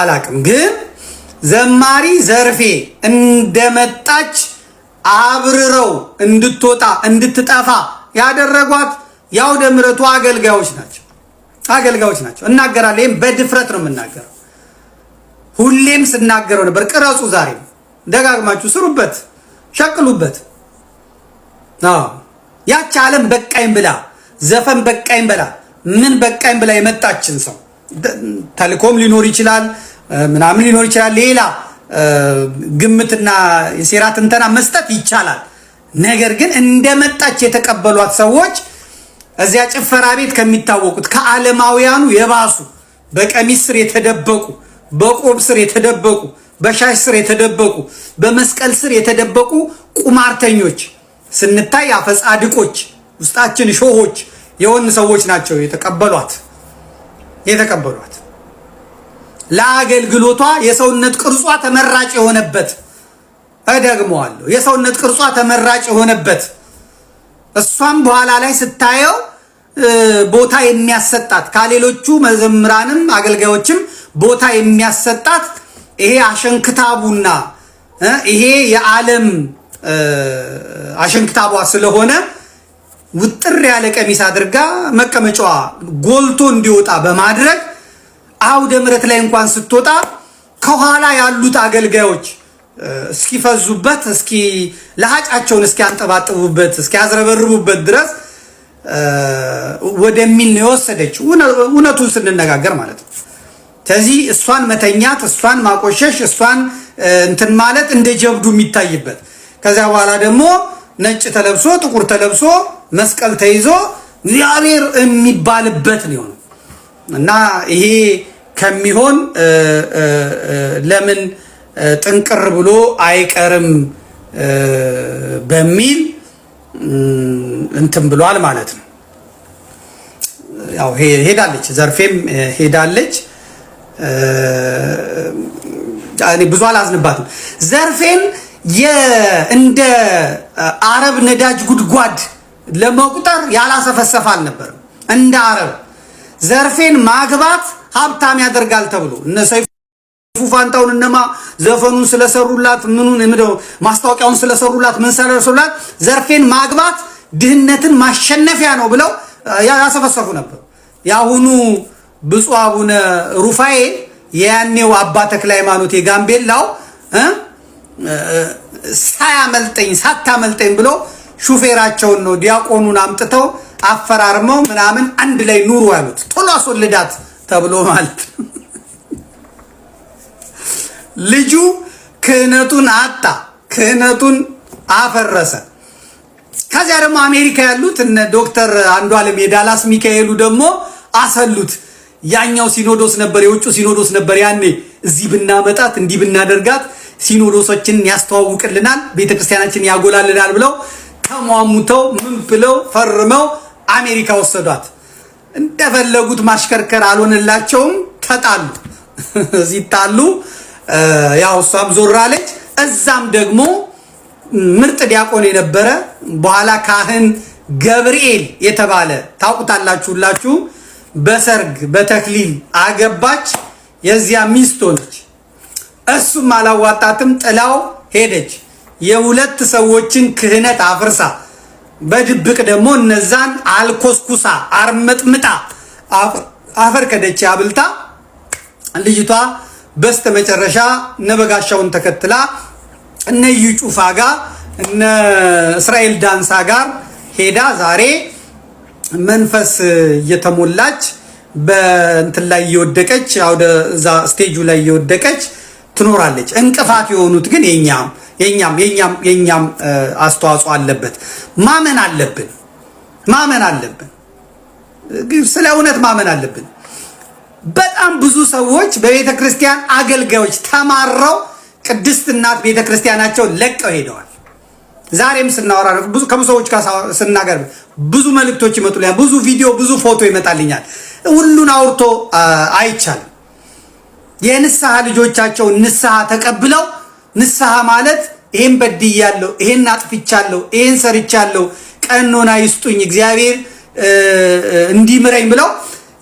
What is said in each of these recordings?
አላቅም። ግን ዘማሪ ዘርፌ እንደመጣች አብርረው እንድትወጣ እንድትጠፋ ያደረጓት የአውደ ምሕረቱ አገልጋዮች ናቸው አገልጋዮች ናቸው። እናገራለሁ። ይህም በድፍረት ነው የምናገረው። ሁሌም ስናገረው ነበር። ቅረጹ፣ ዛሬ ደጋግማችሁ ስሩበት፣ ሸቅሉበት። ያች ዓለም በቃኝ ብላ ዘፈን በቃኝ ብላ ምን በቃኝ ብላ የመጣችን ሰው ተልኮም ሊኖር ይችላል፣ ምናምን ሊኖር ይችላል። ሌላ ግምትና የሴራ ትንተና መስጠት ይቻላል። ነገር ግን እንደመጣች የተቀበሏት ሰዎች እዚያ ጭፈራ ቤት ከሚታወቁት ከዓለማውያኑ የባሱ በቀሚስ ስር የተደበቁ በቆብ ስር የተደበቁ በሻሽ ስር የተደበቁ በመስቀል ስር የተደበቁ ቁማርተኞች ስንታይ አፈጻድቆች ውስጣችን ሾሆች የሆን ሰዎች ናቸው የተቀበሏት። የተቀበሏት ለአገልግሎቷ የሰውነት ቅርጿ ተመራጭ የሆነበት እደግመዋለሁ፣ የሰውነት ቅርጿ ተመራጭ የሆነበት እሷም በኋላ ላይ ስታየው ቦታ የሚያሰጣት ከሌሎቹ መዘምራንም አገልጋዮችም ቦታ የሚያሰጣት ይሄ አሸንክታቡና ይሄ የዓለም አሸንክታቧ ስለሆነ ውጥር ያለ ቀሚስ አድርጋ መቀመጫዋ ጎልቶ እንዲወጣ በማድረግ አውደ ምሕረት ላይ እንኳን ስትወጣ ከኋላ ያሉት አገልጋዮች እስኪፈዙበት እስኪ ለሀጫቸውን እስኪያንጠባጥቡበት እስኪያዝረበርቡበት ድረስ ወደሚል ነው የወሰደችው። እውነቱን ስንነጋገር ማለት ነው። ስለዚህ እሷን መተኛት፣ እሷን ማቆሸሽ፣ እሷን እንትን ማለት እንደ ጀብዱ የሚታይበት ከዚያ በኋላ ደግሞ ነጭ ተለብሶ ጥቁር ተለብሶ መስቀል ተይዞ እግዚአብሔር የሚባልበት ነው የሆነው እና ይሄ ከሚሆን ለምን ጥንቅር ብሎ አይቀርም በሚል እንትን ብሏል ማለት ነው። ያው ሄዳለች፣ ዘርፌም ሄዳለች። እኔ ብዙ አላዝንባትም። ዘርፌን እንደ አረብ ነዳጅ ጉድጓድ ለመቁጠር ያላሰፈሰፈ አልነበረም። እንደ አረብ ዘርፌን ማግባት ሀብታም ያደርጋል ተብሎ እነ ሰይፉ ፋንታውን እነማ ዘፈኑን ስለሰሩላት ምኑን ምደ ማስታወቂያውን ስለሰሩላት ምን ስለሰሩላት ዘርፌን ማግባት ድህነትን ማሸነፊያ ነው ብለው ያሰፈሰፉ ነበር። የአሁኑ ብፁዕ አቡነ ሩፋኤ የያኔው አባ ተክለ ሃይማኖት የጋምቤላው ሳያመልጠኝ ሳታመልጠኝ ብሎ ሹፌራቸውን ነው ዲያቆኑን አምጥተው አፈራርመው ምናምን አንድ ላይ ኑሩ ያሉት። ቶሎ አስወልዳት ተብሎ ማለት ልጁ ክህነቱን አጣ፣ ክህነቱን አፈረሰ። ከዚያ ደግሞ አሜሪካ ያሉት እነ ዶክተር አንዱ ዓለም የዳላስ ሚካኤሉ ደግሞ አሰሉት። ያኛው ሲኖዶስ ነበር፣ የውጭ ሲኖዶስ ነበር። ያኔ እዚህ ብናመጣት እንዲህ ብናደርጋት ሲኖዶሶችን ያስተዋውቅልናል፣ ቤተክርስቲያናችን ያጎላልናል ብለው ተሟሙተው ምን ብለው ፈርመው አሜሪካ ወሰዷት። እንደፈለጉት ማሽከርከር አልሆነላቸውም። ተጣሉ። ሲጣሉ ያው እሷም ዞራለች። እዛም ደግሞ ምርጥ ዲያቆን የነበረ በኋላ ካህን ገብርኤል የተባለ ታውቁታላችሁላችሁ በሰርግ በተክሊል አገባች። የዚያ ሚስት ሆነች። እሱም አላዋጣትም፣ ጥላው ሄደች። የሁለት ሰዎችን ክህነት አፍርሳ በድብቅ ደግሞ እነዛን አልኮስኩሳ አርመጥምጣ አፈር ከደች አብልታ ልጅቷ በስተ መጨረሻ ነበጋሻውን ተከትላ እነ እዩ ጩፋ ጋር እነ እስራኤል ዳንሳ ጋር ሄዳ ዛሬ መንፈስ እየተሞላች በእንትን ላይ እየወደቀች አውደ እዛ ስቴጁ ላይ እየወደቀች ትኖራለች። እንቅፋት የሆኑት ግን የኛም የኛም የኛም የኛም አስተዋጽኦ አለበት። ማመን አለብን ማመን አለብን። ስለ እውነት ማመን አለብን። በጣም ብዙ ሰዎች በቤተ ክርስቲያን አገልጋዮች ተማረው ቅድስት እናት ቤተ ክርስቲያናቸው ለቀው ሄደዋል። ዛሬም ስናወራ ብዙ ከሰዎች ጋር ስናገር ብዙ መልእክቶች ይመጡልኛል። ብዙ ቪዲዮ፣ ብዙ ፎቶ ይመጣልኛል። ሁሉን አውርቶ አይቻልም። የንስሐ ልጆቻቸው ንስሐ ተቀብለው ንስሐ ማለት ይሄን በድያለሁ፣ ይሄን አጥፍቻለሁ፣ ይሄን ሰርቻለሁ፣ ቀኖና ይስጡኝ እግዚአብሔር እንዲምረኝ ብለው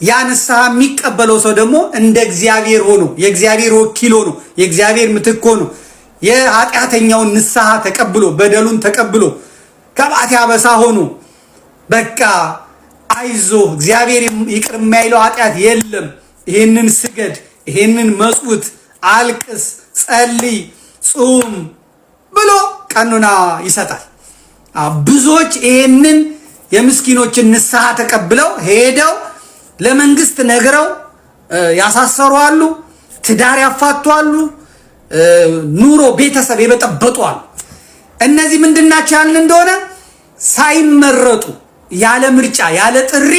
ያ ንስሐ የሚቀበለው ሰው ደግሞ እንደ እግዚአብሔር ሆኖ የእግዚአብሔር ወኪል ሆኖ የእግዚአብሔር ምትክ ሆኖ የኃጢአተኛውን ንስሐ ተቀብሎ በደሉን ተቀብሎ ከባቴ አበሳ ሆኖ በቃ አይዞ እግዚአብሔር ይቅር የማይለው ኃጢአት የለም፣ ይህንን ስገድ ይህንን መጹት አልቅስ፣ ጸልይ፣ ጹም ብሎ ቀኑና ይሰጣል። ብዙዎች ይህንን የምስኪኖችን ንስሐ ተቀብለው ሄደው ለመንግስት ነግረው አሉ ትዳር ያፋቷሉ፣ ኑሮ ቤተሰብ አሉ። እነዚህ ምንድናቸው ያልን እንደሆነ ሳይመረጡ ያለ ምርጫ ያለ ጥሪ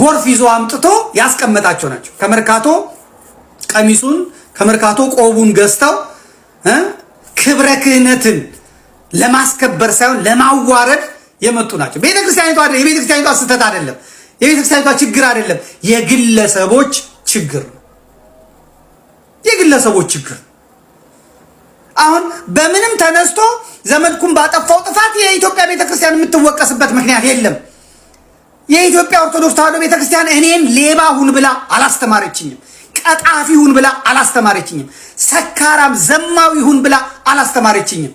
ጎርፍ ይዞ አምጥቶ ያስቀመጣቸው ናቸው። ከመርካቶ ቀሚሱን ከመርካቶ ቆቡን ገዝተው ክብረ ክህነትን ለማስከበር ሳይሆን ለማዋረድ የመጡ ናቸው። ቤተክርስቲያኒቷ የቤተክርስቲያኒቷ ስህተት አይደለም። የቤተክርስቲያኒቷ ችግር አይደለም። የግለሰቦች ችግር ነው። የግለሰቦች ችግር አሁን በምንም ተነስቶ ዘመድኩን ባጠፋው ጥፋት የኢትዮጵያ ቤተክርስቲያን የምትወቀስበት ምክንያት የለም። የኢትዮጵያ ኦርቶዶክስ ተዋህዶ ቤተክርስቲያን እኔን ሌባ ሁን ብላ አላስተማረችኝም። ቀጣፊ ሁን ብላ አላስተማረችኝም። ሰካራም ዘማዊ ሁን ብላ አላስተማረችኝም።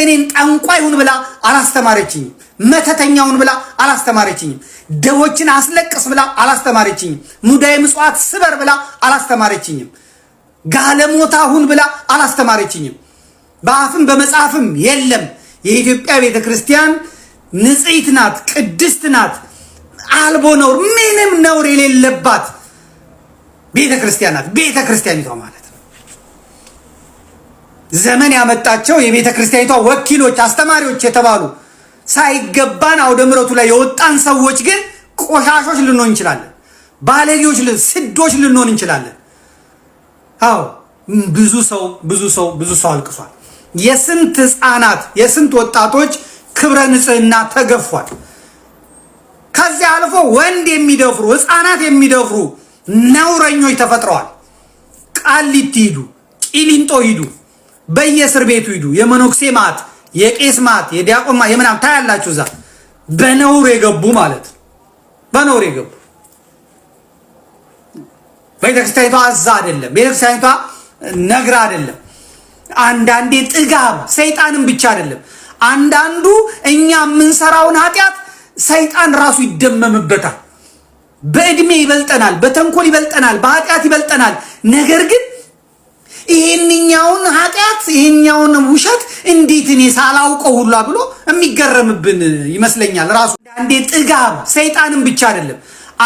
እኔን ጠንቋይ ሁን ብላ አላስተማረችኝም። መተተኛ ሁን ብላ አላስተማረችኝም። ደቦችን አስለቅስ ብላ አላስተማረችኝም። ሙዳየ ምጽዋት ስበር ብላ አላስተማረችኝም። ጋለሞታ ሁን ብላ አላስተማረችኝም። በአፍም በመጽሐፍም የለም። የኢትዮጵያ ቤተክርስቲያን ንጽሕት ናት፣ ቅድስት ናት። አልቦ ነውር ምንም ነውር የሌለባት ቤተ ክርስቲያን ናት። ቤተ ክርስቲያኒቷ ማለት ነው። ዘመን ያመጣቸው የቤተ ክርስቲያኒቷ ወኪሎች፣ አስተማሪዎች የተባሉ ሳይገባን አውደ ምረቱ ላይ የወጣን ሰዎች ግን ቆሻሾች ልንሆን እንችላለን። ባለጌዎች፣ ስዶች ልንሆን እንችላለን። አዎ ብዙ ሰው ብዙ ሰው ብዙ ሰው አልቅሷል። የስንት ህፃናት የስንት ወጣቶች ክብረ ንጽህና ተገፏል። ከዚያ አልፎ ወንድ የሚደፍሩ ህፃናት የሚደፍሩ ነውረኞች ተፈጥረዋል። ቃሊቲ ሂዱ፣ ቂሊንጦ ሂዱ፣ በየእስር ቤቱ ሂዱ። የመኖክሴ ማት፣ የቄስ ማት፣ የዲያቆን ማት የምናምን ታያላችሁ። እዛ በነውር የገቡ ማለት በነውር የገቡ ቤተክርስቲያኒቷ አዛ አይደለም፣ ቤተክርስቲያኒቷ ነግራ አይደለም። አንዳንዴ ጥጋብ ሰይጣንም ብቻ አይደለም። አንዳንዱ እኛ የምንሰራውን ኃጢአት ሰይጣን ራሱ ይደመምበታል። በእድሜ ይበልጠናል፣ በተንኮል ይበልጠናል፣ በኃጢአት ይበልጠናል። ነገር ግን ይህንኛውን ኃጢአት ይህኛውን ውሸት እንዴት እኔ ሳላውቀው ሁላ ብሎ የሚገረምብን ይመስለኛል። ራሱ አንዴ ጥጋብ ሰይጣንም ብቻ አይደለም።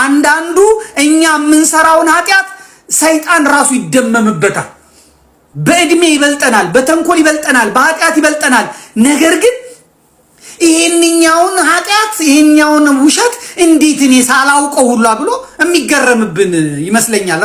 አንዳንዱ እኛ የምንሰራውን ኃጢአት ሰይጣን ራሱ ይደመምበታል። በእድሜ ይበልጠናል፣ በተንኮል ይበልጠናል፣ በኃጢአት ይበልጠናል። ነገር ግን ይሄንኛውን ኃጢአት ይሄንኛውን ውሸት እንዴት እኔ ሳላውቀው ሁላ ብሎ የሚገረምብን ይመስለኛል።